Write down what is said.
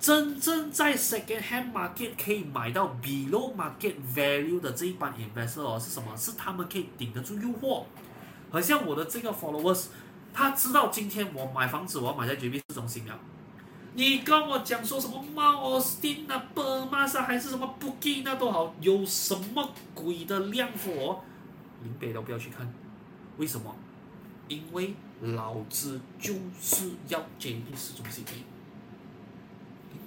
真正在 second hand market 可以買到 below market value 的這一幫 investor、哦、是什麼？是他們可以頂得住誘惑。好像我的這個 followers，他知道今天我買房子我要買在 JB 市中心了。你跟我講說什麼 Mount Austin 啊、Permas 還是什麼 Bukit 那都好，有什麼鬼的靚貨、哦？林北都不要去看，為什麼？因為老子就是要 JB 市中心。